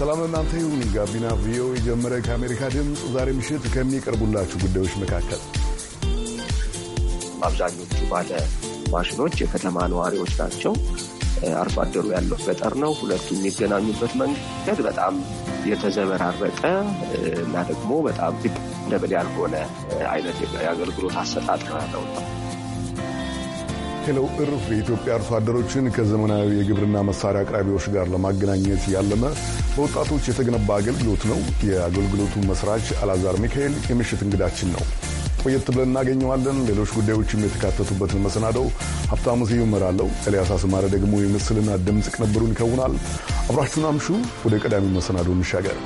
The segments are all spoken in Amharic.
ሰላም ለእናንተ ይሁን። ጋቢና ቪኦኤ ጀመረ። ከአሜሪካ ድምፅ ዛሬ ምሽት ከሚቀርቡላችሁ ጉዳዮች መካከል አብዛኞቹ ባለ ማሽኖች የከተማ ነዋሪዎች ናቸው። አርሶ አደሩ ያለው ገጠር ነው። ሁለቱ የሚገናኙበት መንገድ በጣም የተዘበራረቀ እና ደግሞ በጣም ደብል ያልሆነ አይነት የአገልግሎት አሰጣጥ ነው ያለው። የሚከተለው እርፍ የኢትዮጵያ አርሶ አደሮችን ከዘመናዊ የግብርና መሳሪያ አቅራቢዎች ጋር ለማገናኘት ያለመ በወጣቶች የተገነባ አገልግሎት ነው። የአገልግሎቱ መስራች አላዛር ሚካኤል የምሽት እንግዳችን ነው። ቆየት ብለን እናገኘዋለን። ሌሎች ጉዳዮችም የተካተቱበትን መሰናደው ሀብታሙ ስዩም እመራለሁ። ኤልያስ አስማረ ደግሞ የምስልና ድምፅ ቅንብሩን ይከውናል። አብራችሁን አምሹ። ወደ ቀዳሚው መሰናዶ እንሻገር።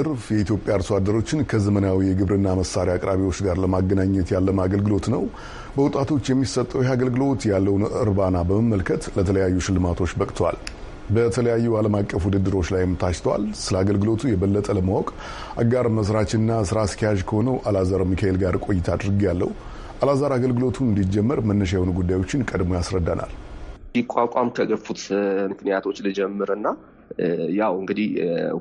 እርፍ የኢትዮጵያ አርሶ አደሮችን ከዘመናዊ የግብርና መሳሪያ አቅራቢዎች ጋር ለማገናኘት ያለመ አገልግሎት ነው። በወጣቶች የሚሰጠው ይህ አገልግሎት ያለውን እርባና በመመልከት ለተለያዩ ሽልማቶች በቅተዋል። በተለያዩ ዓለም አቀፍ ውድድሮች ላይም ታጭተዋል። ስለ አገልግሎቱ የበለጠ ለማወቅ አጋር መስራችና ስራ አስኪያጅ ከሆነው አላዛር ሚካኤል ጋር ቆይታ ያለው አላዛር አገልግሎቱ እንዲጀመር መነሻ የሆኑ ጉዳዮችን ቀድሞ ያስረዳናል። ሊቋቋም ከገፉት ምክንያቶች ልጀምርና ያው እንግዲህ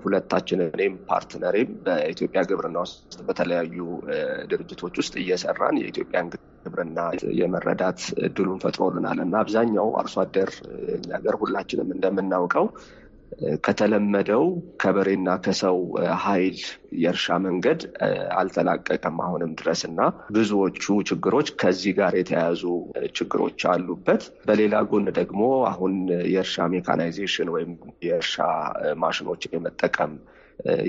ሁለታችን እኔም ፓርትነሬም በኢትዮጵያ ግብርና ውስጥ በተለያዩ ድርጅቶች ውስጥ እየሰራን የኢትዮጵያን ግብርና የመረዳት እድሉን ፈጥሮልናል እና አብዛኛው አርሶ አደር ነገር ሁላችንም እንደምናውቀው ከተለመደው ከበሬና ከሰው ኃይል የእርሻ መንገድ አልተላቀቀም አሁንም ድረስ እና ብዙዎቹ ችግሮች ከዚህ ጋር የተያያዙ ችግሮች አሉበት። በሌላ ጎን ደግሞ አሁን የእርሻ ሜካናይዜሽን ወይም የእርሻ ማሽኖች የመጠቀም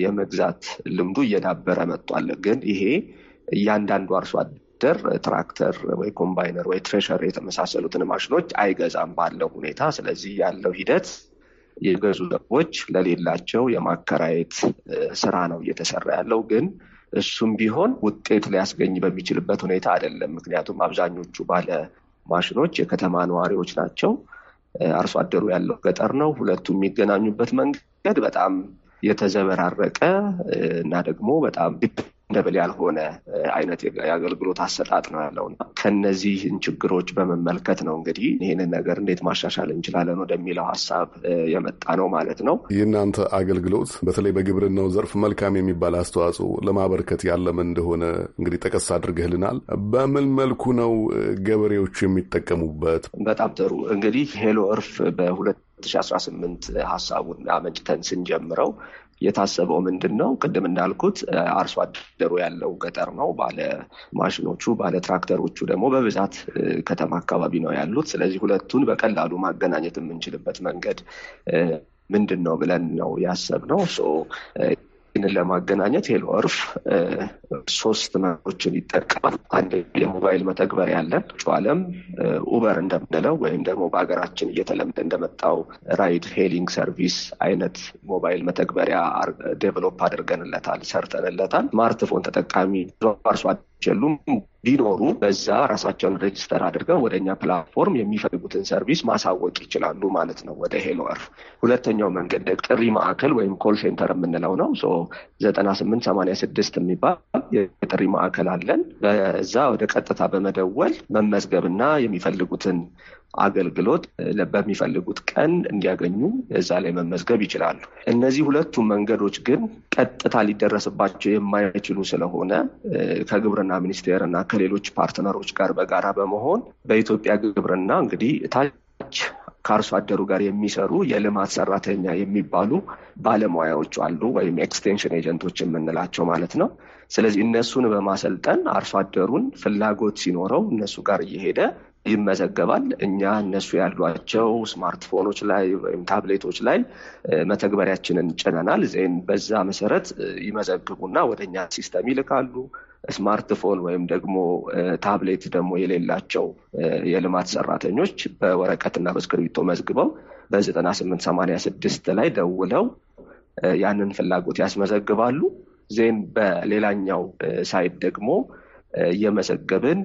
የመግዛት ልምዱ እየዳበረ መጥቷል። ግን ይሄ እያንዳንዱ አርሶ አደር ትራክተር ወይ ኮምባይነር ወይ ትሬሸር የተመሳሰሉትን ማሽኖች አይገዛም ባለው ሁኔታ። ስለዚህ ያለው ሂደት የገዙ ሰዎች ለሌላቸው የማከራየት ስራ ነው እየተሰራ ያለው ግን እሱም ቢሆን ውጤት ሊያስገኝ በሚችልበት ሁኔታ አይደለም። ምክንያቱም አብዛኞቹ ባለ ማሽኖች የከተማ ነዋሪዎች ናቸው። አርሶ አደሩ ያለው ገጠር ነው። ሁለቱ የሚገናኙበት መንገድ በጣም የተዘበራረቀ እና ደግሞ በጣም ደብል ያልሆነ አይነት የአገልግሎት አሰጣጥ ነው ያለውና ከነዚህን ችግሮች በመመልከት ነው እንግዲህ ይህንን ነገር እንዴት ማሻሻል እንችላለን ወደሚለው ሀሳብ የመጣ ነው ማለት ነው። የእናንተ አገልግሎት በተለይ በግብርናው ዘርፍ መልካም የሚባል አስተዋጽኦ ለማበርከት ያለመ እንደሆነ እንግዲህ ጠቀስ አድርገህልናል። በምን መልኩ ነው ገበሬዎቹ የሚጠቀሙበት? በጣም ጥሩ እንግዲህ ሄሎ እርፍ በሁለት 2018 ሀሳቡን አመንጭተን ስንጀምረው የታሰበው ምንድን ነው? ቅድም እንዳልኩት አርሶ አደሩ ያለው ገጠር ነው። ባለ ማሽኖቹ ባለ ትራክተሮቹ ደግሞ በብዛት ከተማ አካባቢ ነው ያሉት። ስለዚህ ሁለቱን በቀላሉ ማገናኘት የምንችልበት መንገድ ምንድን ነው ብለን ነው ያሰብነው። ይህንን ለማገናኘት ሄሎ እርፍ ሶስት ነገሮችን ይጠቀማል። አንድ የሞባይል መተግበሪያ ያለን ጨዋለም ኡበር እንደምንለው ወይም ደግሞ በሀገራችን እየተለመደ እንደመጣው ራይድ ሄሊንግ ሰርቪስ አይነት ሞባይል መተግበሪያ ዴቨሎፕ አድርገንለታል፣ ሰርተንለታል። ስማርትፎን ተጠቃሚ አርሶ የሉም ቢኖሩ በዛ ራሳቸውን ሬጅስተር አድርገው ወደ እኛ ፕላትፎርም የሚፈልጉትን ሰርቪስ ማሳወቅ ይችላሉ ማለት ነው። ወደ ሄሎወርፍ ሁለተኛው መንገድ ጥሪ ማዕከል ወይም ኮል ሴንተር የምንለው ነው። ዘጠና ስምንት ሰማንያ ስድስት የሚባል የጥሪ ማዕከል አለን። በዛ ወደ ቀጥታ በመደወል መመዝገብና የሚፈልጉትን አገልግሎት በሚፈልጉት ቀን እንዲያገኙ እዛ ላይ መመዝገብ ይችላሉ። እነዚህ ሁለቱ መንገዶች ግን ቀጥታ ሊደረስባቸው የማይችሉ ስለሆነ ከግብርና ሚኒስቴር እና ከሌሎች ፓርትነሮች ጋር በጋራ በመሆን በኢትዮጵያ ግብርና እንግዲህ ታች ከአርሶ አደሩ ጋር የሚሰሩ የልማት ሰራተኛ የሚባሉ ባለሙያዎች አሉ፣ ወይም ኤክስቴንሽን ኤጀንቶች የምንላቸው ማለት ነው። ስለዚህ እነሱን በማሰልጠን አርሶ አደሩን ፍላጎት ሲኖረው እነሱ ጋር እየሄደ ይመዘገባል። እኛ እነሱ ያሏቸው ስማርትፎኖች ላይ ወይም ታብሌቶች ላይ መተግበሪያችንን ጭነናል። ዜን በዛ መሰረት ይመዘግቡና ወደ እኛ ሲስተም ይልካሉ። ስማርትፎን ወይም ደግሞ ታብሌት ደግሞ የሌላቸው የልማት ሰራተኞች በወረቀትና በእስክሪብቶ መዝግበው በዘጠና ስምንት ሰማንያ ስድስት ላይ ደውለው ያንን ፍላጎት ያስመዘግባሉ። ዜን በሌላኛው ሳይት ደግሞ እየመዘገብን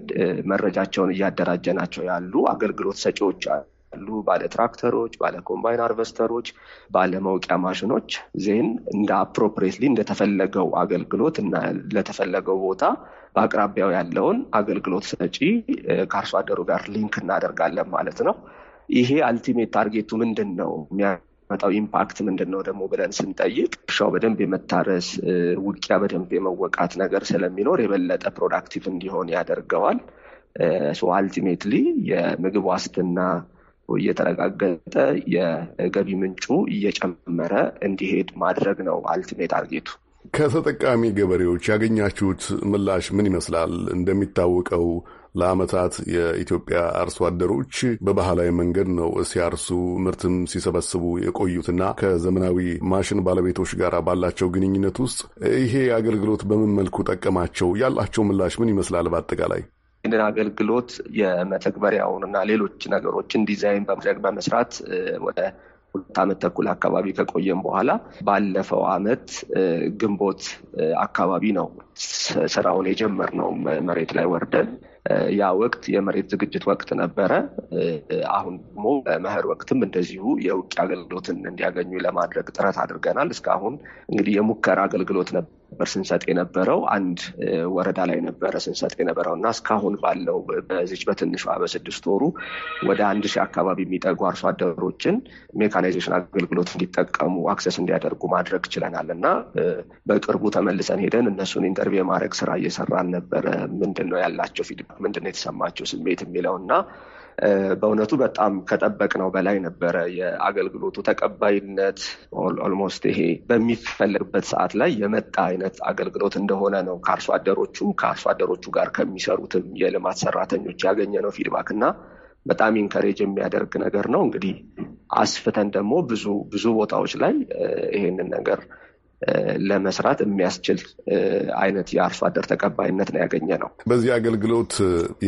መረጃቸውን እያደራጀናቸው ያሉ አገልግሎት ሰጪዎች አሉ። ባለ ትራክተሮች፣ ባለ ኮምባይን አርቨስተሮች፣ ባለ መውቂያ ማሽኖች ዜን እንደ አፕሮፕሬትሊ እንደተፈለገው አገልግሎት እና ለተፈለገው ቦታ በአቅራቢያው ያለውን አገልግሎት ሰጪ ከአርሶ አደሩ ጋር ሊንክ እናደርጋለን ማለት ነው። ይሄ አልቲሜት ታርጌቱ ምንድን ነው? የሚመጣው ኢምፓክት ምንድን ነው ደግሞ ብለን ስንጠይቅ እርሻው በደንብ የመታረስ ውቂያ በደንብ የመወቃት ነገር ስለሚኖር የበለጠ ፕሮዳክቲቭ እንዲሆን ያደርገዋል። አልቲሜትሊ የምግብ ዋስትና እየተረጋገጠ የገቢ ምንጩ እየጨመረ እንዲሄድ ማድረግ ነው አልቲሜት አርጌቱ ከተጠቃሚ ገበሬዎች ያገኛችሁት ምላሽ ምን ይመስላል? እንደሚታወቀው ለዓመታት የኢትዮጵያ አርሶ አደሮች በባህላዊ መንገድ ነው ሲያርሱ ምርትም ሲሰበስቡ የቆዩትና ከዘመናዊ ማሽን ባለቤቶች ጋር ባላቸው ግንኙነት ውስጥ ይሄ አገልግሎት በምን መልኩ ጠቀማቸው? ያላቸው ምላሽ ምን ይመስላል? በአጠቃላይ ይህንን አገልግሎት የመተግበሪያውን እና ሌሎች ነገሮችን ዲዛይን በማድረግ በመስራት ወደ ሁለት ዓመት ተኩል አካባቢ ከቆየም በኋላ ባለፈው ዓመት ግንቦት አካባቢ ነው ስራውን የጀመርነው መሬት ላይ ወርደን ያ ወቅት የመሬት ዝግጅት ወቅት ነበረ። አሁን ደግሞ በመኸር ወቅትም እንደዚሁ የውቂ አገልግሎትን እንዲያገኙ ለማድረግ ጥረት አድርገናል። እስካሁን እንግዲህ የሙከራ አገልግሎት ነበር ነበር ስንሰጥ የነበረው አንድ ወረዳ ላይ ነበረ ስንሰጥ የነበረው እና እስካሁን ባለው በዚች በትንሿ በስድስት ወሩ ወደ አንድ ሺህ አካባቢ የሚጠጉ አርሶ አደሮችን ሜካናይዜሽን አገልግሎት እንዲጠቀሙ አክሰስ እንዲያደርጉ ማድረግ ችለናል እና በቅርቡ ተመልሰን ሄደን እነሱን ኢንተርቪው የማድረግ ስራ እየሰራን ነበረ። ምንድን ነው ያላቸው ፊድባክ፣ ምንድን ነው የተሰማቸው ስሜት የሚለው እና በእውነቱ በጣም ከጠበቅነው በላይ ነበረ። የአገልግሎቱ ተቀባይነት ኦልሞስት ይሄ በሚፈለግበት ሰዓት ላይ የመጣ አይነት አገልግሎት እንደሆነ ነው ከአርሶ አደሮቹም ከአርሶ አደሮቹ ጋር ከሚሰሩትም የልማት ሰራተኞች ያገኘ ነው ፊድባክ እና በጣም ኢንከሬጅ የሚያደርግ ነገር ነው። እንግዲህ አስፍተን ደግሞ ብዙ ብዙ ቦታዎች ላይ ይሄንን ነገር ለመስራት የሚያስችል አይነት የአርሶ አደር ተቀባይነት ነው ያገኘ ነው። በዚህ አገልግሎት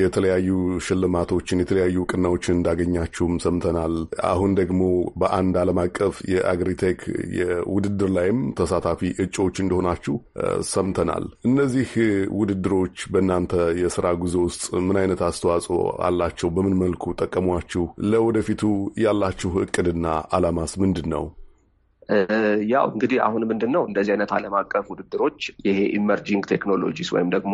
የተለያዩ ሽልማቶችን የተለያዩ እውቅናዎችን እንዳገኛችሁም ሰምተናል። አሁን ደግሞ በአንድ ዓለም አቀፍ የአግሪቴክ የውድድር ላይም ተሳታፊ እጩዎች እንደሆናችሁ ሰምተናል። እነዚህ ውድድሮች በእናንተ የስራ ጉዞ ውስጥ ምን አይነት አስተዋጽኦ አላቸው? በምን መልኩ ጠቀሟችሁ? ለወደፊቱ ያላችሁ እቅድና አላማስ ምንድን ነው? ያው እንግዲህ አሁን ምንድን ነው እንደዚህ አይነት ዓለም አቀፍ ውድድሮች ይሄ ኢመርጂንግ ቴክኖሎጂስ ወይም ደግሞ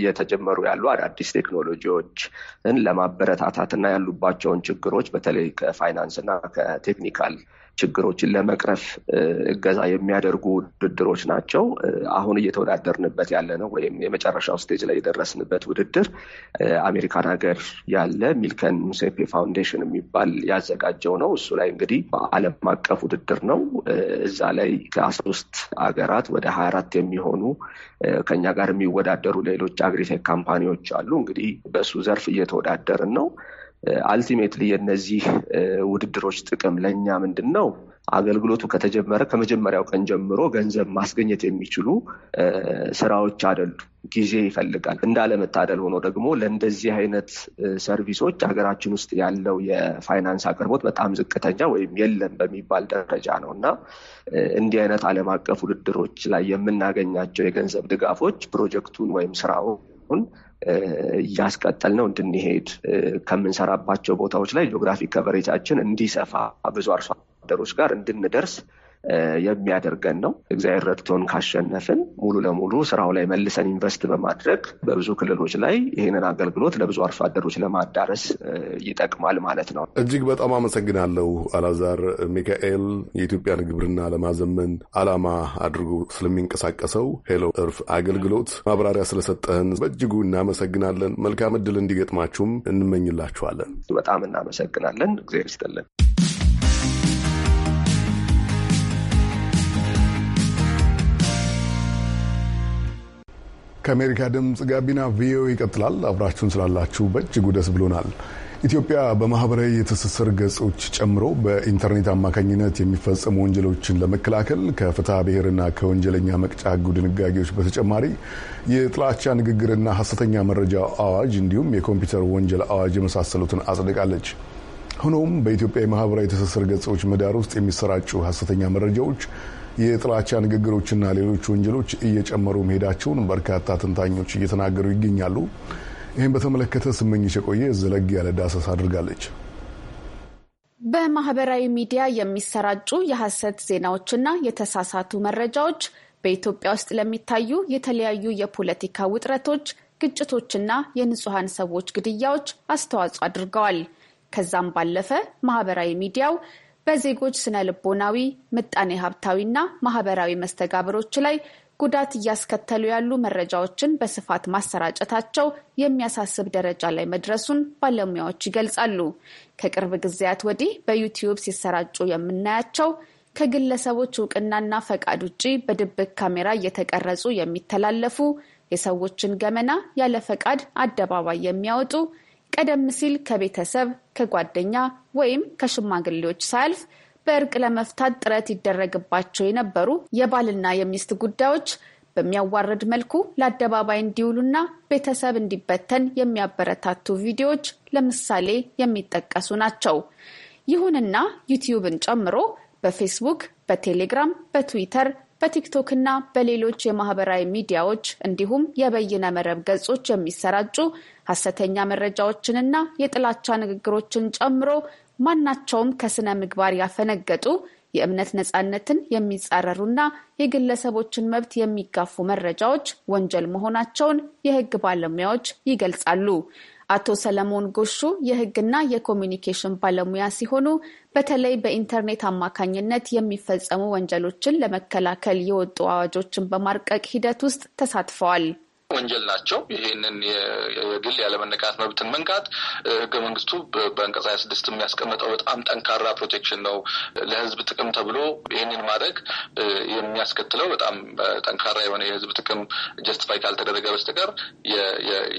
እየተጀመሩ ያሉ አዳዲስ ቴክኖሎጂዎችን ለማበረታታት እና ያሉባቸውን ችግሮች በተለይ ከፋይናንስ እና ከቴክኒካል ችግሮችን ለመቅረፍ እገዛ የሚያደርጉ ውድድሮች ናቸው። አሁን እየተወዳደርንበት ያለ ነው ወይም የመጨረሻው ስቴጅ ላይ የደረስንበት ውድድር አሜሪካን ሀገር ያለ ሚልከን ሙሴፔ ፋውንዴሽን የሚባል ያዘጋጀው ነው። እሱ ላይ እንግዲህ በዓለም አቀፍ ውድድር ነው። እዛ ላይ ከአስራ ሶስት ሀገራት ወደ ሀያ አራት የሚሆኑ ከኛ ጋር የሚወዳደሩ ሌሎች አግሪቴክ ካምፓኒዎች አሉ። እንግዲህ በእሱ ዘርፍ እየተወዳደርን ነው። አልቲሜትሊ የነዚህ ውድድሮች ጥቅም ለእኛ ምንድን ነው? አገልግሎቱ ከተጀመረ ከመጀመሪያው ቀን ጀምሮ ገንዘብ ማስገኘት የሚችሉ ስራዎች አይደሉ ጊዜ ይፈልጋል። እንዳለመታደል ሆኖ ደግሞ ለእንደዚህ አይነት ሰርቪሶች ሀገራችን ውስጥ ያለው የፋይናንስ አቅርቦት በጣም ዝቅተኛ ወይም የለም በሚባል ደረጃ ነው እና እንዲህ አይነት ዓለም አቀፍ ውድድሮች ላይ የምናገኛቸው የገንዘብ ድጋፎች ፕሮጀክቱን ወይም ስራውን እያስቀጠል ነው እንድንሄድ ከምንሰራባቸው ቦታዎች ላይ ጂኦግራፊክ ከቨሬጃችን እንዲሰፋ ብዙ አርሶ አደሮች ጋር እንድንደርስ የሚያደርገን ነው። እግዚአብሔር ረድቶን ካሸነፍን ሙሉ ለሙሉ ስራው ላይ መልሰን ኢንቨስት በማድረግ በብዙ ክልሎች ላይ ይህንን አገልግሎት ለብዙ አርሶ አደሮች ለማዳረስ ይጠቅማል ማለት ነው። እጅግ በጣም አመሰግናለሁ አላዛር ሚካኤል። የኢትዮጵያን ግብርና ለማዘመን አላማ አድርጎ ስለሚንቀሳቀሰው ሄሎ እርፍ አገልግሎት ማብራሪያ ስለሰጠህን በእጅጉ እናመሰግናለን። መልካም እድል እንዲገጥማችሁም እንመኝላችኋለን። በጣም እናመሰግናለን። እግዚአብሔር ይስጥልን። ከአሜሪካ ድምፅ ጋቢና ቪኦኤ ይቀጥላል። አብራችሁን ስላላችሁ በእጅጉ ደስ ብሎናል። ኢትዮጵያ በማህበራዊ የትስስር ገጾች ጨምሮ በኢንተርኔት አማካኝነት የሚፈጸሙ ወንጀሎችን ለመከላከል ከፍትሐ ብሔርና ከወንጀለኛ መቅጫ ሕጉ ድንጋጌዎች በተጨማሪ የጥላቻ ንግግርና ሐሰተኛ መረጃ አዋጅ እንዲሁም የኮምፒውተር ወንጀል አዋጅ የመሳሰሉትን አጽድቃለች። ሆኖም በኢትዮጵያ የማህበራዊ ትስስር ገጾች ምህዳር ውስጥ የሚሰራጩ ሐሰተኛ መረጃዎች የጥላቻ ንግግሮችና ሌሎች ወንጀሎች እየጨመሩ መሄዳቸውን በርካታ ትንታኞች እየተናገሩ ይገኛሉ። ይህም በተመለከተ ስመኝሽ የቆየ ዘለግ ያለ ዳሰስ አድርጋለች። በማህበራዊ ሚዲያ የሚሰራጩ የሐሰት ዜናዎችና የተሳሳቱ መረጃዎች በኢትዮጵያ ውስጥ ለሚታዩ የተለያዩ የፖለቲካ ውጥረቶች፣ ግጭቶችና የንጹሐን ሰዎች ግድያዎች አስተዋጽኦ አድርገዋል። ከዛም ባለፈ ማህበራዊ ሚዲያው በዜጎች ስነ ልቦናዊ፣ ምጣኔ ሀብታዊና ማህበራዊ መስተጋብሮች ላይ ጉዳት እያስከተሉ ያሉ መረጃዎችን በስፋት ማሰራጨታቸው የሚያሳስብ ደረጃ ላይ መድረሱን ባለሙያዎች ይገልጻሉ። ከቅርብ ጊዜያት ወዲህ በዩቲዩብ ሲሰራጩ የምናያቸው ከግለሰቦች እውቅናና ፈቃድ ውጪ በድብቅ ካሜራ እየተቀረጹ የሚተላለፉ የሰዎችን ገመና ያለ ፈቃድ አደባባይ የሚያወጡ ቀደም ሲል ከቤተሰብ ከጓደኛ ወይም ከሽማግሌዎች ሳያልፍ በእርቅ ለመፍታት ጥረት ይደረግባቸው የነበሩ የባልና የሚስት ጉዳዮች በሚያዋርድ መልኩ ለአደባባይ እንዲውሉና ቤተሰብ እንዲበተን የሚያበረታቱ ቪዲዮዎች ለምሳሌ የሚጠቀሱ ናቸው። ይሁንና ዩቲዩብን ጨምሮ በፌስቡክ፣ በቴሌግራም፣ በትዊተር በቲክቶክና በሌሎች የማህበራዊ ሚዲያዎች እንዲሁም የበይነ መረብ ገጾች የሚሰራጩ ሀሰተኛ መረጃዎችንና የጥላቻ ንግግሮችን ጨምሮ ማናቸውም ከስነ ምግባር ያፈነገጡ የእምነት ነጻነትን የሚጻረሩና የግለሰቦችን መብት የሚጋፉ መረጃዎች ወንጀል መሆናቸውን የህግ ባለሙያዎች ይገልጻሉ። አቶ ሰለሞን ጎሹ የህግና የኮሚኒኬሽን ባለሙያ ሲሆኑ በተለይ በኢንተርኔት አማካኝነት የሚፈጸሙ ወንጀሎችን ለመከላከል የወጡ አዋጆችን በማርቀቅ ሂደት ውስጥ ተሳትፈዋል። ወንጀል ናቸው። ይህንን የግል ያለመነቃት መብትን መንካት ህገ መንግስቱ በአንቀጽ ሀያ ስድስት የሚያስቀምጠው በጣም ጠንካራ ፕሮቴክሽን ነው። ለህዝብ ጥቅም ተብሎ ይህንን ማድረግ የሚያስከትለው በጣም ጠንካራ የሆነ የህዝብ ጥቅም ጀስቲፋይ ካልተደረገ በስተቀር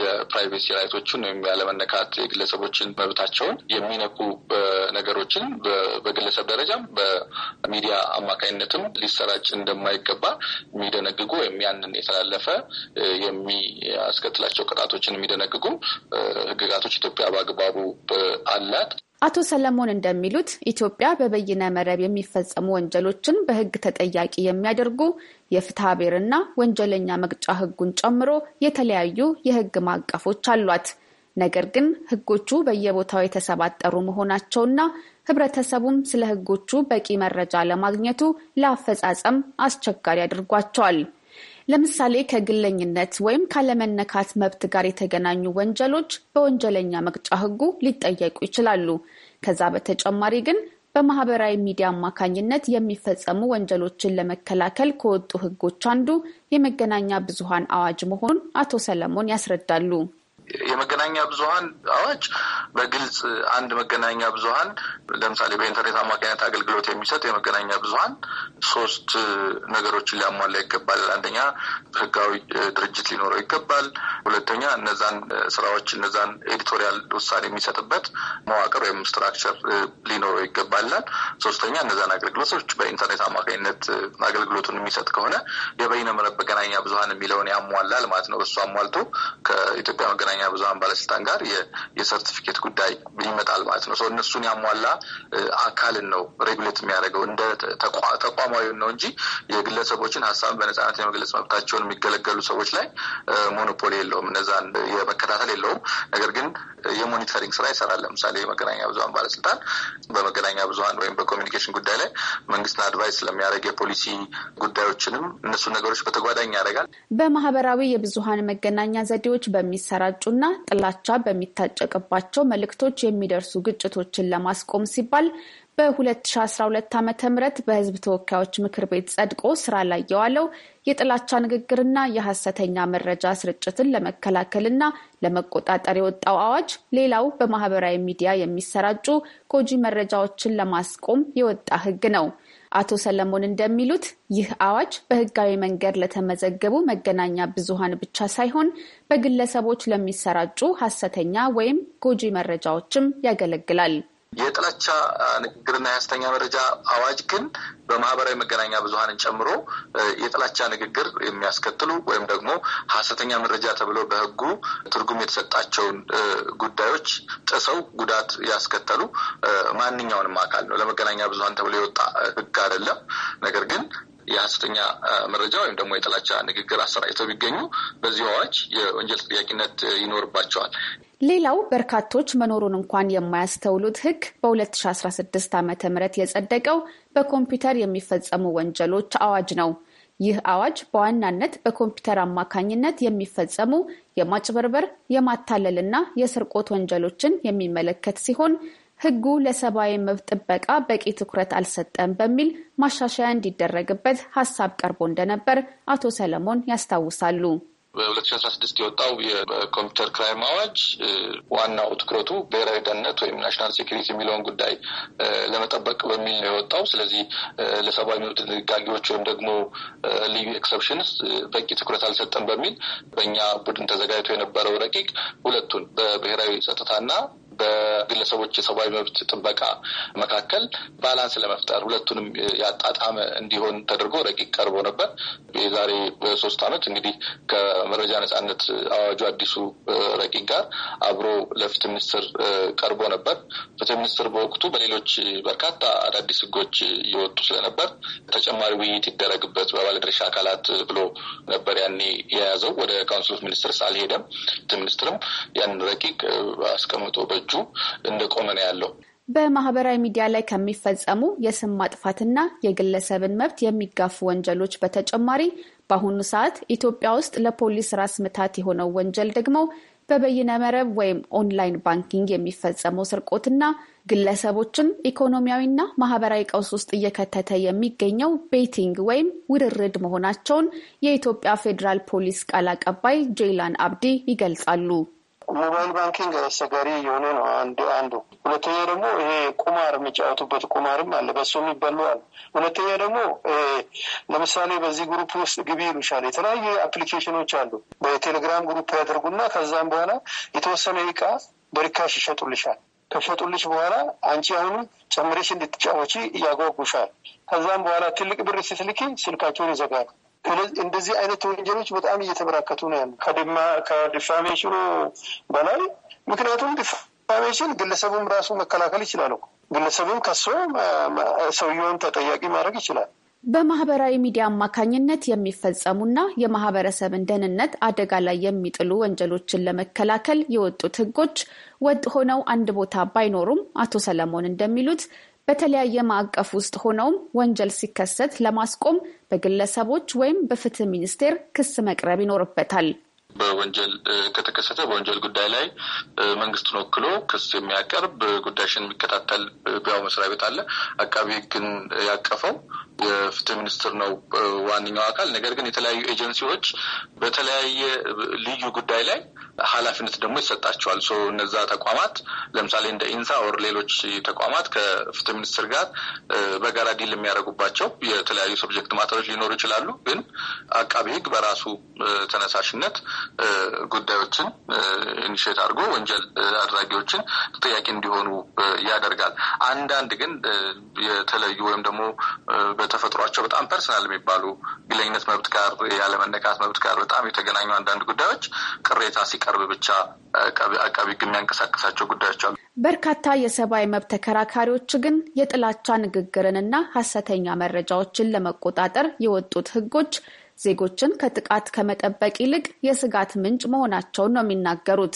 የፕራይቬሲ ራይቶችን ወይም ያለመነካት የግለሰቦችን መብታቸውን የሚነኩ ነገሮችን በግለሰብ ደረጃም በሚዲያ አማካኝነትም ሊሰራጭ እንደማይገባ የሚደነግጉ ወይም ያንን የተላለፈ የሚያስከትላቸው ቅጣቶችን የሚደነግጉ ህግጋቶች ኢትዮጵያ በአግባቡ አላት። አቶ ሰለሞን እንደሚሉት ኢትዮጵያ በበይነ መረብ የሚፈጸሙ ወንጀሎችን በህግ ተጠያቂ የሚያደርጉ የፍትሐ ብሔርና ወንጀለኛ መቅጫ ህጉን ጨምሮ የተለያዩ የህግ ማቀፎች አሏት። ነገር ግን ህጎቹ በየቦታው የተሰባጠሩ መሆናቸውና ህብረተሰቡም ስለ ህጎቹ በቂ መረጃ ለማግኘቱ ለአፈጻጸም አስቸጋሪ አድርጓቸዋል። ለምሳሌ ከግለኝነት ወይም ካለመነካት መብት ጋር የተገናኙ ወንጀሎች በወንጀለኛ መቅጫ ሕጉ ሊጠየቁ ይችላሉ። ከዛ በተጨማሪ ግን በማህበራዊ ሚዲያ አማካኝነት የሚፈጸሙ ወንጀሎችን ለመከላከል ከወጡ ሕጎች አንዱ የመገናኛ ብዙኃን አዋጅ መሆኑን አቶ ሰለሞን ያስረዳሉ። የመገናኛ ብዙኃን አዋጅ በግልጽ አንድ መገናኛ ብዙሀን ለምሳሌ በኢንተርኔት አማካኝነት አገልግሎት የሚሰጥ የመገናኛ ብዙሀን ሶስት ነገሮችን ሊያሟላ ይገባል። አንደኛ ህጋዊ ድርጅት ሊኖረው ይገባል። ሁለተኛ እነዛን ስራዎች እነዛን ኤዲቶሪያል ውሳኔ የሚሰጥበት መዋቅር ወይም ስትራክቸር ሊኖረው ይገባላል። ሶስተኛ እነዛን አገልግሎቶች በኢንተርኔት አማካኝነት አገልግሎቱን የሚሰጥ ከሆነ የበይነ መረብ መገናኛ ብዙሀን የሚለውን ያሟላል ማለት ነው። እሱ አሟልቶ ከኢትዮጵያ መገናኛ ብዙሀን ባለስልጣን ጋር የሰርቲፊኬት ጉዳይ ይመጣል ማለት ነው። እነሱን ያሟላ አካልን ነው ሬጉሌት የሚያደርገው እንደ ተቋማዊን ነው እንጂ የግለሰቦችን ሀሳብን በነጻነት የመግለጽ መብታቸውን የሚገለገሉ ሰዎች ላይ ሞኖፖሊ የለውም፣ እነዛን የመከታተል የለውም። ነገር ግን የሞኒተሪንግ ስራ ይሰራል። ለምሳሌ የመገናኛ ብዙሀን ባለስልጣን በመገናኛ ብዙሀን ወይም በኮሚኒኬሽን ጉዳይ ላይ መንግስትን አድቫይስ ስለሚያደርግ የፖሊሲ ጉዳዮችንም እነሱ ነገሮች በተጓዳኝ ያደርጋል። በማህበራዊ የብዙሀን መገናኛ ዘዴዎች በሚሰራጩና ጥላቻ በሚታጨቅባቸው መልእክቶች የሚደርሱ ግጭቶችን ለማስቆም ሲባል በ2012 ዓ ም በህዝብ ተወካዮች ምክር ቤት ጸድቆ ስራ ላይ የዋለው የጥላቻ ንግግርና የሐሰተኛ መረጃ ስርጭትን ለመከላከልና ለመቆጣጠር የወጣው አዋጅ ሌላው በማህበራዊ ሚዲያ የሚሰራጩ ጎጂ መረጃዎችን ለማስቆም የወጣ ህግ ነው። አቶ ሰለሞን እንደሚሉት ይህ አዋጅ በህጋዊ መንገድ ለተመዘገቡ መገናኛ ብዙሃን ብቻ ሳይሆን በግለሰቦች ለሚሰራጩ ሐሰተኛ ወይም ጎጂ መረጃዎችም ያገለግላል። የጥላቻ ንግግርና የሐሰተኛ መረጃ አዋጅ ግን በማህበራዊ መገናኛ ብዙሀንን ጨምሮ የጥላቻ ንግግር የሚያስከትሉ ወይም ደግሞ ሐሰተኛ መረጃ ተብሎ በህጉ ትርጉም የተሰጣቸውን ጉዳዮች ጥሰው ጉዳት ያስከተሉ ማንኛውንም አካል ነው። ለመገናኛ ብዙሀን ተብሎ የወጣ ህግ አይደለም። ነገር ግን የሐሰተኛ መረጃ ወይም ደግሞ የጥላቻ ንግግር አሰራጭተው ቢገኙ በዚህ አዋጅ የወንጀል ተጠያቂነት ይኖርባቸዋል። ሌላው በርካቶች መኖሩን እንኳን የማያስተውሉት ሕግ በ2016 ዓ ም የጸደቀው በኮምፒውተር የሚፈጸሙ ወንጀሎች አዋጅ ነው። ይህ አዋጅ በዋናነት በኮምፒውተር አማካኝነት የሚፈጸሙ የማጭበርበር፣ የማታለልና የስርቆት ወንጀሎችን የሚመለከት ሲሆን ህጉ ለሰብአዊ መብት ጥበቃ በቂ ትኩረት አልሰጠም በሚል ማሻሻያ እንዲደረግበት ሀሳብ ቀርቦ እንደነበር አቶ ሰለሞን ያስታውሳሉ። በሁለት ሺ አስራ ስድስት የወጣው የኮምፒውተር ክራይም አዋጅ ዋናው ትኩረቱ ብሔራዊ ደህንነት ወይም ናሽናል ሴኪሪቲ የሚለውን ጉዳይ ለመጠበቅ በሚል ነው የወጣው። ስለዚህ ለሰብአዊ መብት ድንጋጌዎች ወይም ደግሞ ልዩ ኤክሰፕሽንስ በቂ ትኩረት አልሰጠም በሚል በእኛ ቡድን ተዘጋጅቶ የነበረው ረቂቅ ሁለቱን በብሔራዊ ጸጥታና በግለሰቦች የሰብአዊ መብት ጥበቃ መካከል ባላንስ ለመፍጠር ሁለቱንም ያጣጣመ እንዲሆን ተደርጎ ረቂቅ ቀርቦ ነበር። የዛሬ ሶስት ዓመት እንግዲህ ከመረጃ ነጻነት አዋጁ አዲሱ ረቂቅ ጋር አብሮ ለፍትህ ሚኒስትር ቀርቦ ነበር። ፍትህ ሚኒስትር በወቅቱ በሌሎች በርካታ አዳዲስ ህጎች እየወጡ ስለነበር ተጨማሪ ውይይት ይደረግበት በባለድርሻ አካላት ብሎ ነበር ያኔ የያዘው። ወደ ካውንስል ኦፍ ሚኒስትርስ አልሄደም። ፍትህ ሚኒስትርም ያን ረቂቅ አስቀምጦ በእጁ እንደቆመ ነው ያለው። በማህበራዊ ሚዲያ ላይ ከሚፈጸሙ የስም ማጥፋትና የግለሰብን መብት የሚጋፉ ወንጀሎች በተጨማሪ በአሁኑ ሰዓት ኢትዮጵያ ውስጥ ለፖሊስ ራስ ምታት የሆነው ወንጀል ደግሞ በበይነ መረብ ወይም ኦንላይን ባንኪንግ የሚፈጸመው ስርቆትና ግለሰቦችን ኢኮኖሚያዊና ማህበራዊ ቀውስ ውስጥ እየከተተ የሚገኘው ቤቲንግ ወይም ውርርድ መሆናቸውን የኢትዮጵያ ፌዴራል ፖሊስ ቃል አቀባይ ጄይላን አብዲ ይገልጻሉ። ሞባይል ባንኪንግ ሰገሪ የሆነ ነው አንድ አንዱ። ሁለተኛ ደግሞ ይሄ ቁማር የሚጫወቱበት ቁማርም አለ፣ በሱ የሚበሉ አለ። ሁለተኛ ደግሞ ለምሳሌ በዚህ ግሩፕ ውስጥ ግቢ ይሉሻል። የተለያዩ አፕሊኬሽኖች አሉ። በቴሌግራም ግሩፕ ያደርጉና ከዛም በኋላ የተወሰነ እቃ በርካሽ ይሸጡልሻል። ከሸጡልሽ በኋላ አንቺ አሁኑ ጨምሬሽ እንድትጫወቺ እያጓጉሻል። ከዛም በኋላ ትልቅ ብር ስትልኪ ስልካቸውን ይዘጋሉ። እንደዚህ አይነት ወንጀሎች በጣም እየተበራከቱ ነው ያሉ ከዲፋሜሽኑ በላይ ምክንያቱም ዲፋሜሽን ግለሰቡም ራሱ መከላከል ይችላል። ግለሰቡም ከሶ ሰውየውን ተጠያቂ ማድረግ ይችላል። በማህበራዊ ሚዲያ አማካኝነት የሚፈጸሙና የማህበረሰብን ደህንነት አደጋ ላይ የሚጥሉ ወንጀሎችን ለመከላከል የወጡት ህጎች ወጥ ሆነው አንድ ቦታ ባይኖሩም አቶ ሰለሞን እንደሚሉት በተለያየ ማዕቀፍ ውስጥ ሆነውም ወንጀል ሲከሰት ለማስቆም በግለሰቦች ወይም በፍትህ ሚኒስቴር ክስ መቅረብ ይኖርበታል። በወንጀል ከተከሰተ በወንጀል ጉዳይ ላይ መንግስትን ወክሎ ክስ የሚያቀርብ ጉዳይሽን የሚከታተል ቢያው መስሪያ ቤት አለ። አቃቢ ህግን ያቀፈው የፍትህ ሚኒስትር ነው ዋነኛው አካል። ነገር ግን የተለያዩ ኤጀንሲዎች በተለያየ ልዩ ጉዳይ ላይ ኃላፊነት ደግሞ ይሰጣቸዋል። ሶ እነዛ ተቋማት ለምሳሌ እንደ ኢንሳ ኦር ሌሎች ተቋማት ከፍትህ ሚኒስትር ጋር በጋራ ዲል የሚያደርጉባቸው የተለያዩ ሰብጀክት ማተሮች ሊኖሩ ይችላሉ። ግን አቃቢ ህግ በራሱ ተነሳሽነት ጉዳዮችን ኢኒሽት አድርጎ ወንጀል አድራጊዎችን ተጠያቂ እንዲሆኑ ያደርጋል። አንዳንድ ግን የተለዩ ወይም ደግሞ በተፈጥሯቸው በጣም ፐርሰናል የሚባሉ ግለኝነት መብት ጋር ያለመነካት መብት ጋር በጣም የተገናኙ አንዳንድ ጉዳዮች ቅሬታ ሲቀርብ ብቻ አቃቢ ሕግ የሚያንቀሳቀሳቸው ጉዳዮች አሉ። በርካታ የሰብአዊ መብት ተከራካሪዎች ግን የጥላቻ ንግግርንና ሀሰተኛ መረጃዎችን ለመቆጣጠር የወጡት ህጎች ዜጎችን ከጥቃት ከመጠበቅ ይልቅ የስጋት ምንጭ መሆናቸውን ነው የሚናገሩት።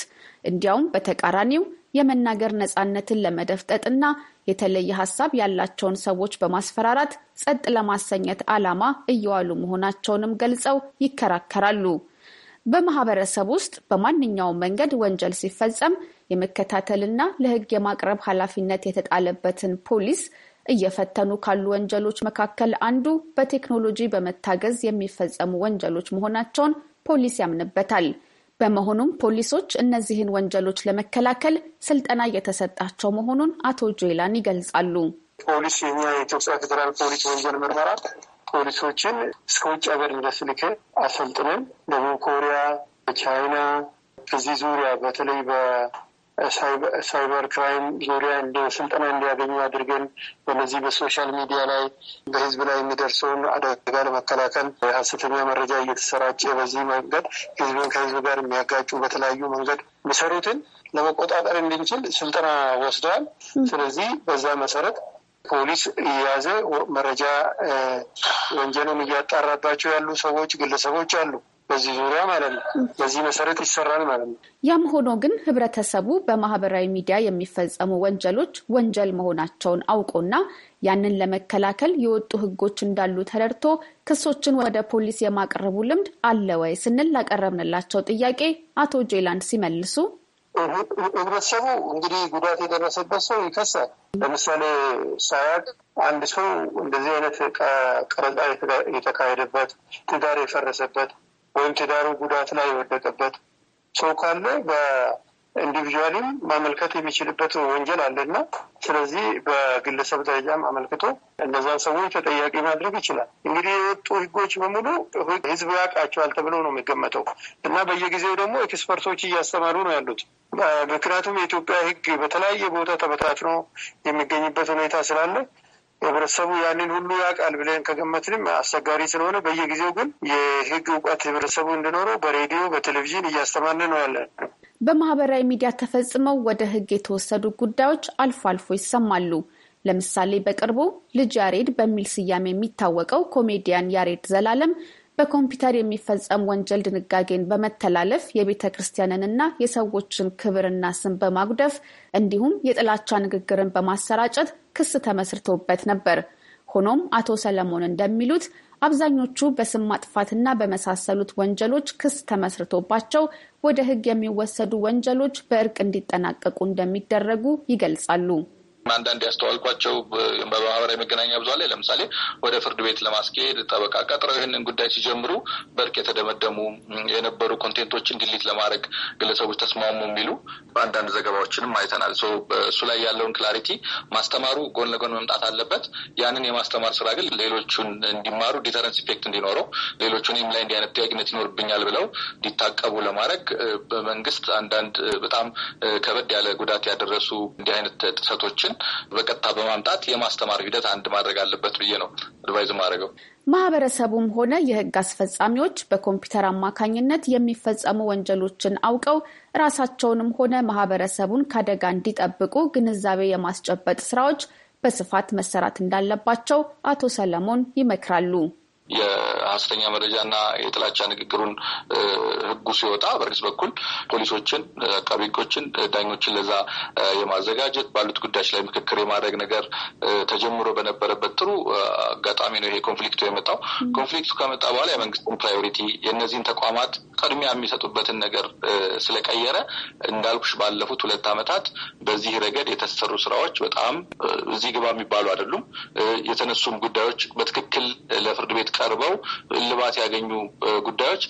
እንዲያውም በተቃራኒው የመናገር ነፃነትን ለመደፍጠጥና የተለየ ሀሳብ ያላቸውን ሰዎች በማስፈራራት ጸጥ ለማሰኘት ዓላማ እየዋሉ መሆናቸውንም ገልጸው ይከራከራሉ። በማህበረሰብ ውስጥ በማንኛውም መንገድ ወንጀል ሲፈጸም የመከታተልና ለሕግ የማቅረብ ኃላፊነት የተጣለበትን ፖሊስ እየፈተኑ ካሉ ወንጀሎች መካከል አንዱ በቴክኖሎጂ በመታገዝ የሚፈጸሙ ወንጀሎች መሆናቸውን ፖሊስ ያምንበታል። በመሆኑም ፖሊሶች እነዚህን ወንጀሎች ለመከላከል ስልጠና እየተሰጣቸው መሆኑን አቶ ጆይላን ይገልጻሉ። ፖሊስ የኛ የኢትዮጵያ ፌዴራል ፖሊስ ወንጀል ምርመራ ፖሊሶችን እስከ ውጭ ሀገር ድረስ ልከን አሰልጥነን ደቡብ ኮሪያ፣ በቻይና እዚህ ዙሪያ በተለይ ሳይበር ክራይም ዙሪያ እንደ ስልጠና እንዲያገኙ አድርገን በነዚህ በሶሻል ሚዲያ ላይ በህዝብ ላይ የሚደርሰውን አደጋ ለመከላከል ሀሰተኛ መረጃ እየተሰራጨ በዚህ መንገድ ህዝብን ከህዝብ ጋር የሚያጋጩ በተለያዩ መንገድ የሚሰሩትን ለመቆጣጠር እንድንችል ስልጠና ወስደዋል። ስለዚህ በዛ መሰረት ፖሊስ እየያዘ መረጃ ወንጀልን እያጣራባቸው ያሉ ሰዎች ግለሰቦች አሉ። በዚህ ዙሪያ ማለት ነው። በዚህ መሰረት ይሰራል ማለት ነው። ያም ሆኖ ግን ህብረተሰቡ በማህበራዊ ሚዲያ የሚፈጸሙ ወንጀሎች ወንጀል መሆናቸውን አውቆና ያንን ለመከላከል የወጡ ህጎች እንዳሉ ተረድቶ ክሶችን ወደ ፖሊስ የማቅረቡ ልምድ አለ ወይ ስንል ላቀረብንላቸው ጥያቄ አቶ ጄላንድ ሲመልሱ ህብረተሰቡ እንግዲህ ጉዳት የደረሰበት ሰው ይከሳል። ለምሳሌ ሳያቅ አንድ ሰው እንደዚህ አይነት ቀረጻ የተካሄደበት ትዳር የፈረሰበት ወይም ትዳሩ ጉዳት ላይ የወደቀበት ሰው ካለ በኢንዲቪዥዋልም ማመልከት የሚችልበት ወንጀል አለና ስለዚህ በግለሰብ ደረጃም አመልክቶ እነዛን ሰዎች ተጠያቂ ማድረግ ይችላል። እንግዲህ የወጡ ህጎች በሙሉ ህዝብ ያውቃቸዋል ተብሎ ነው የሚገመተው እና በየጊዜው ደግሞ ኤክስፐርቶች እያስተማሩ ነው ያሉት። ምክንያቱም የኢትዮጵያ ህግ በተለያየ ቦታ ተበታትኖ የሚገኝበት ሁኔታ ስላለ ህብረተሰቡ ያንን ሁሉ ያውቃል ብለን ከገመትንም አስቸጋሪ ስለሆነ በየጊዜው ግን የህግ እውቀት ህብረተሰቡ እንዲኖረው በሬዲዮ በቴሌቪዥን እያስተማን ነው ያለን። በማህበራዊ ሚዲያ ተፈጽመው ወደ ህግ የተወሰዱ ጉዳዮች አልፎ አልፎ ይሰማሉ። ለምሳሌ በቅርቡ ልጅ ያሬድ በሚል ስያሜ የሚታወቀው ኮሜዲያን ያሬድ ዘላለም በኮምፒውተር የሚፈጸም ወንጀል ድንጋጌን በመተላለፍ የቤተ ክርስቲያንንና የሰዎችን ክብርና ስም በማጉደፍ እንዲሁም የጥላቻ ንግግርን በማሰራጨት ክስ ተመስርቶበት ነበር። ሆኖም አቶ ሰለሞን እንደሚሉት አብዛኞቹ በስም ማጥፋትና በመሳሰሉት ወንጀሎች ክስ ተመስርቶባቸው ወደ ሕግ የሚወሰዱ ወንጀሎች በእርቅ እንዲጠናቀቁ እንደሚደረጉ ይገልጻሉ። አንዳንድ ያስተዋልኳቸው በማህበራዊ መገናኛ ብዙ ላይ ለምሳሌ ወደ ፍርድ ቤት ለማስኬድ ጠበቃ ቀጥረው ይህንን ጉዳይ ሲጀምሩ በርቅ የተደመደሙ የነበሩ ኮንቴንቶችን ዲሊት ለማድረግ ግለሰቦች ተስማሙ የሚሉ አንዳንድ ዘገባዎችንም አይተናል። እሱ ላይ ያለውን ክላሪቲ ማስተማሩ ጎን ለጎን መምጣት አለበት። ያንን የማስተማር ስራ ግን ሌሎቹን እንዲማሩ ዲተረንስ ኢፌክት እንዲኖረው ሌሎቹ እኔም ላይ እንዲህ አይነት ይኖርብኛል ብለው እንዲታቀቡ ለማድረግ በመንግስት አንዳንድ በጣም ከበድ ያለ ጉዳት ያደረሱ እንዲህ አይነት ጥሰቶችን ሀሳቦችን በቀጥታ በማምጣት የማስተማር ሂደት አንድ ማድረግ አለበት ብዬ ነው አድቫይዝ ማድረገው። ማህበረሰቡም ሆነ የህግ አስፈጻሚዎች በኮምፒውተር አማካኝነት የሚፈጸሙ ወንጀሎችን አውቀው ራሳቸውንም ሆነ ማህበረሰቡን ከአደጋ እንዲጠብቁ ግንዛቤ የማስጨበጥ ስራዎች በስፋት መሰራት እንዳለባቸው አቶ ሰለሞን ይመክራሉ። የሀሰተኛ መረጃና የጥላቻ ንግግሩን ህጉ ሲወጣ በርግስ በኩል ፖሊሶችን፣ አቃቢ ህጎችን፣ ዳኞችን ለዛ የማዘጋጀት ባሉት ጉዳዮች ላይ ምክክር የማድረግ ነገር ተጀምሮ በነበረበት ጥሩ አጋጣሚ ነው ይሄ ኮንፍሊክቱ የመጣው። ኮንፍሊክቱ ከመጣ በኋላ የመንግስትን ፕራዮሪቲ የእነዚህን ተቋማት ቅድሚያ የሚሰጡበትን ነገር ስለቀየረ እንዳልኩሽ ባለፉት ሁለት ዓመታት በዚህ ረገድ የተሰሩ ስራዎች በጣም እዚህ ግባ የሚባሉ አይደሉም። የተነሱም ጉዳዮች በትክክል ለፍርድ ቤት ቀርበው እልባት ያገኙ ጉዳዮች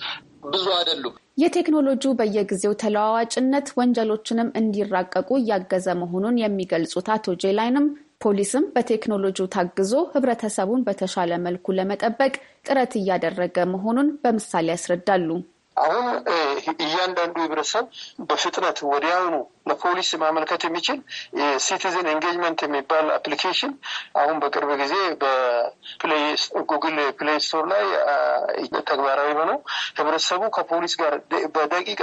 ብዙ አይደሉም። የቴክኖሎጂው በየጊዜው ተለዋዋጭነት ወንጀሎችንም እንዲራቀቁ እያገዘ መሆኑን የሚገልጹት አቶ ጄላይንም ፖሊስም በቴክኖሎጂው ታግዞ ህብረተሰቡን በተሻለ መልኩ ለመጠበቅ ጥረት እያደረገ መሆኑን በምሳሌ ያስረዳሉ። አሁን እያንዳንዱ ህብረተሰብ በፍጥነት ወዲያውኑ ለፖሊስ ማመልከት የሚችል የሲቲዝን ኤንጌጅመንት የሚባል አፕሊኬሽን አሁን በቅርብ ጊዜ በጉግል ፕሌይ ስቶር ላይ ተግባራዊ ሆነው ህብረተሰቡ ከፖሊስ ጋር በደቂቃ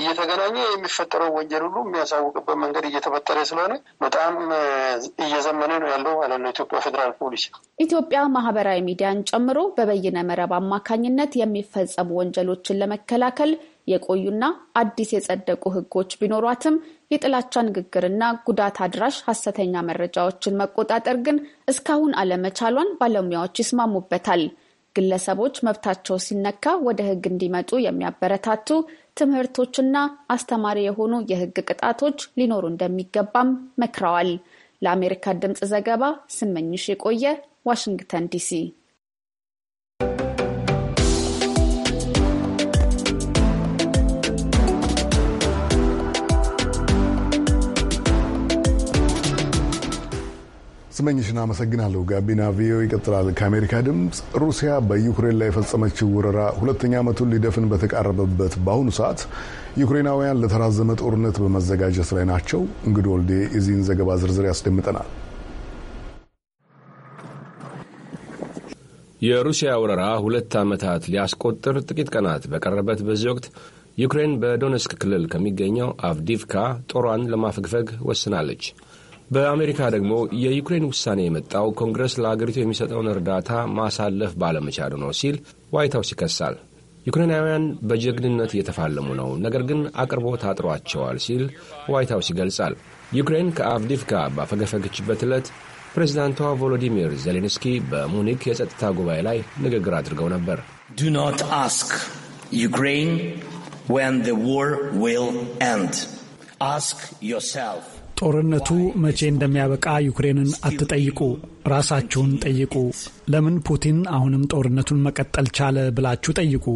እየተገናኘ የሚፈጠረው ወንጀል ሁሉ የሚያሳውቅበት መንገድ እየተፈጠረ ስለሆነ በጣም እየዘመነ ነው ያለው ማለት ነው። ኢትዮጵያ ፌዴራል ፖሊስ ኢትዮጵያ ማህበራዊ ሚዲያን ጨምሮ በበይነ መረብ አማካኝነት የሚፈጸሙ ወንጀሎችን ለመከላከል የቆዩና አዲስ የጸደቁ ህጎች ቢኖሯትም የጥላቻ ንግግርና ጉዳት አድራሽ ሀሰተኛ መረጃዎችን መቆጣጠር ግን እስካሁን አለመቻሏን ባለሙያዎች ይስማሙበታል። ግለሰቦች መብታቸው ሲነካ ወደ ህግ እንዲመጡ የሚያበረታቱ ትምህርቶችና አስተማሪ የሆኑ የህግ ቅጣቶች ሊኖሩ እንደሚገባም መክረዋል። ለአሜሪካ ድምፅ ዘገባ ስመኝሽ የቆየ ዋሽንግተን ዲሲ ስመኝሽን አመሰግናለሁ። ጋቢና ቪኦ ይቀጥላል። ከአሜሪካ ድምፅ ሩሲያ በዩክሬን ላይ የፈጸመችው ወረራ ሁለተኛ ዓመቱን ሊደፍን በተቃረበበት በአሁኑ ሰዓት ዩክሬናውያን ለተራዘመ ጦርነት በመዘጋጀት ላይ ናቸው። እንግዶ ወልዴ የዚህን ዘገባ ዝርዝር ያስደምጠናል። የሩሲያ ወረራ ሁለት ዓመታት ሊያስቆጥር ጥቂት ቀናት በቀረበት በዚህ ወቅት ዩክሬን በዶኔስክ ክልል ከሚገኘው አቭዲቭካ ጦሯን ለማፈግፈግ ወስናለች። በአሜሪካ ደግሞ የዩክሬን ውሳኔ የመጣው ኮንግረስ ለአገሪቱ የሚሰጠውን እርዳታ ማሳለፍ ባለመቻሉ ነው ሲል ዋይት ሀውስ ይከሳል። ዩክሬናውያን በጀግንነት እየተፋለሙ ነው፣ ነገር ግን አቅርቦ ታጥሯቸዋል ሲል ዋይት ሀውስ ይገልጻል። ዩክሬን ከአቭዲቭካ ባፈገፈገችበት ዕለት ፕሬዚዳንቷ ቮሎዲሚር ዜሌንስኪ በሙኒክ የጸጥታ ጉባኤ ላይ ንግግር አድርገው ነበር። ዱ ኖት አስክ ዩክሬን ወን ዘ ዋር ዊል ኤንድ አስክ ዮርሰልፍ ጦርነቱ መቼ እንደሚያበቃ ዩክሬንን አትጠይቁ፣ ራሳችሁን ጠይቁ። ለምን ፑቲን አሁንም ጦርነቱን መቀጠል ቻለ ብላችሁ ጠይቁ።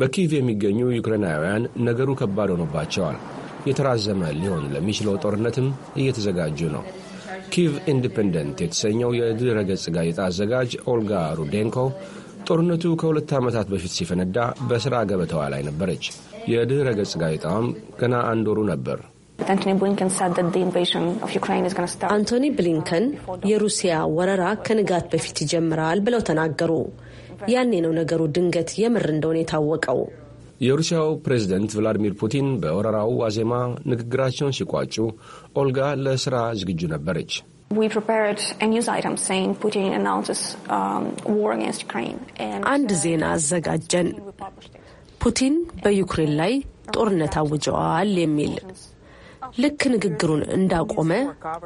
በኪቭ የሚገኙ ዩክሬናውያን ነገሩ ከባድ ሆኖባቸዋል። የተራዘመ ሊሆን ለሚችለው ጦርነትም እየተዘጋጁ ነው። ኪቭ ኢንዲፐንደንት የተሰኘው ገጽ ጋዜጣ አዘጋጅ ኦልጋ ሩዴንኮ ጦርነቱ ከሁለት ዓመታት በፊት ሲፈነዳ በሥራ ገበታዋ ላይ ነበረች። የድረ ገጽ ጋዜጣዋም ገና አንድ ወሩ ነበር። አንቶኒ ብሊንከን የሩሲያ ወረራ ከንጋት በፊት ይጀምራል ብለው ተናገሩ። ያኔ ነው ነገሩ ድንገት የምር እንደሆነ የታወቀው። የሩሲያው ፕሬዝደንት ቭላዲሚር ፑቲን በወረራው ዋዜማ ንግግራቸውን ሲቋጩ ኦልጋ ለስራ ዝግጁ ነበረች። um, uh, አንድ ዜና አዘጋጀን። ፑቲን በዩክሬን ላይ ጦርነት አውጀዋል የሚል ልክ ንግግሩን እንዳቆመ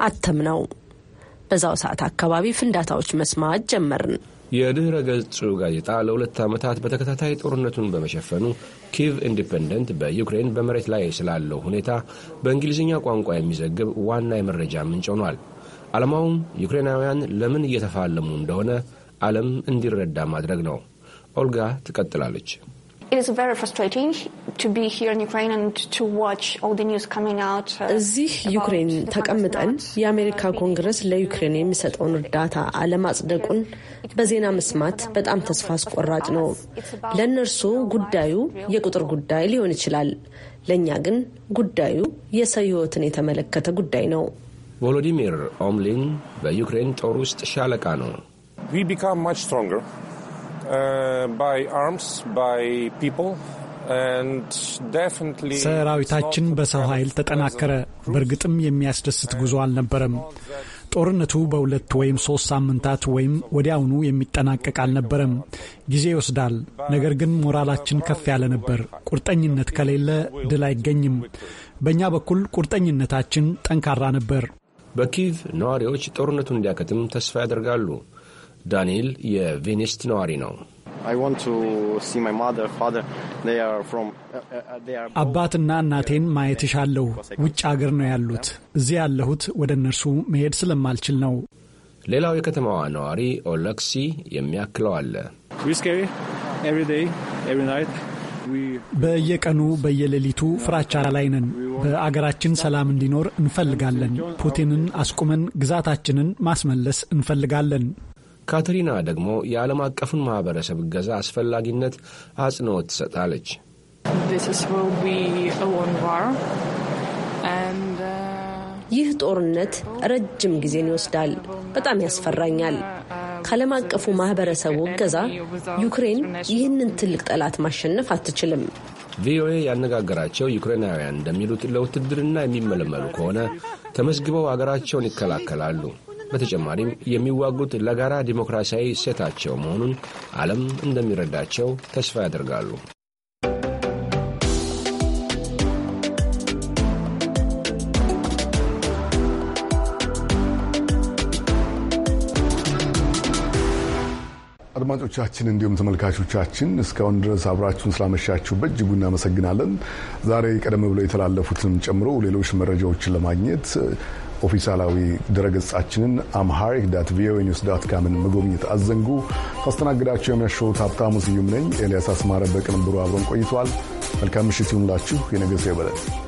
አተም ነው። በዛው ሰዓት አካባቢ ፍንዳታዎች መስማት ጀመርን። የድኅረ ገጹ ጋዜጣ ለሁለት ዓመታት በተከታታይ ጦርነቱን በመሸፈኑ ኪቭ ኢንዲፐንደንት በዩክሬን በመሬት ላይ ስላለው ሁኔታ በእንግሊዝኛ ቋንቋ የሚዘግብ ዋና የመረጃ ምንጭ ሆኗል። ዓላማውም ዩክሬናውያን ለምን እየተፋለሙ እንደሆነ ዓለም እንዲረዳ ማድረግ ነው። ኦልጋ ትቀጥላለች። Uh, እዚህ ዩክሬን ተቀምጠን የአሜሪካ ኮንግረስ ለዩክሬን የሚሰጠውን እርዳታ አለማጽደቁን በዜና መስማት በጣም ተስፋ አስቆራጭ ነው። ለእነርሱ ጉዳዩ የቁጥር ጉዳይ ሊሆን ይችላል። ለእኛ ግን ጉዳዩ የሰው ሕይወትን የተመለከተ ጉዳይ ነው። ቮሎዲሚር ኦምሊን በዩክሬን ጦር ውስጥ ሻለቃ ነው። Uh, ሰራዊታችን በሰው ኃይል ተጠናከረ። በእርግጥም የሚያስደስት ጉዞ አልነበረም። ጦርነቱ በሁለት ወይም ሶስት ሳምንታት ወይም ወዲያውኑ የሚጠናቀቅ አልነበረም። ጊዜ ይወስዳል። ነገር ግን ሞራላችን ከፍ ያለ ነበር። ቁርጠኝነት ከሌለ ድል አይገኝም። በእኛ በኩል ቁርጠኝነታችን ጠንካራ ነበር። በኪቭ ነዋሪዎች ጦርነቱን እንዲያከትም ተስፋ ያደርጋሉ። ዳንኤል የቬኔስት ነዋሪ ነው። አባትና እናቴን ማየት እሻለሁ። ውጭ አገር ነው ያሉት። እዚህ ያለሁት ወደ እነርሱ መሄድ ስለማልችል ነው። ሌላው የከተማዋ ነዋሪ ኦለክሲ የሚያክለው አለ። በየቀኑ በየሌሊቱ ፍራቻ ላይ ነን። በአገራችን ሰላም እንዲኖር እንፈልጋለን። ፑቲንን አስቁመን ግዛታችንን ማስመለስ እንፈልጋለን። ካትሪና ደግሞ የዓለም አቀፉን ማኅበረሰብ እገዛ አስፈላጊነት አጽንኦት ትሰጣለች። uh, ይህ ጦርነት ረጅም ጊዜን ይወስዳል። በጣም ያስፈራኛል። ከዓለም አቀፉ ማኅበረሰቡ እገዛ ዩክሬን ይህንን ትልቅ ጠላት ማሸነፍ አትችልም። ቪኦኤ ያነጋገራቸው ዩክሬናውያን እንደሚሉት ለውትድርና የሚመለመሉ ከሆነ ተመዝግበው አገራቸውን ይከላከላሉ። በተጨማሪም የሚዋጉት ለጋራ ዲሞክራሲያዊ እሴታቸው መሆኑን ዓለም እንደሚረዳቸው ተስፋ ያደርጋሉ። አድማጮቻችን እንዲሁም ተመልካቾቻችን እስካሁን ድረስ አብራችሁን ስላመሻችሁ በእጅጉ እናመሰግናለን። ዛሬ ቀደም ብለው የተላለፉትንም ጨምሮ ሌሎች መረጃዎችን ለማግኘት ኦፊሳላዊ ድረገጻችንን አምሃሪክ ዳት ቪኦኤ ኒውስ ዳት ካምን መጎብኘት አዘንጉ። ታስተናግዳቸው የምነሾት ሀብታሙ ስዩም ነኝ። ኤልያስ አስማረ በቅንብሩ አብረን ቆይተዋል። መልካም ምሽት ይሁንላችሁ። የነገ ሰው ይበለን።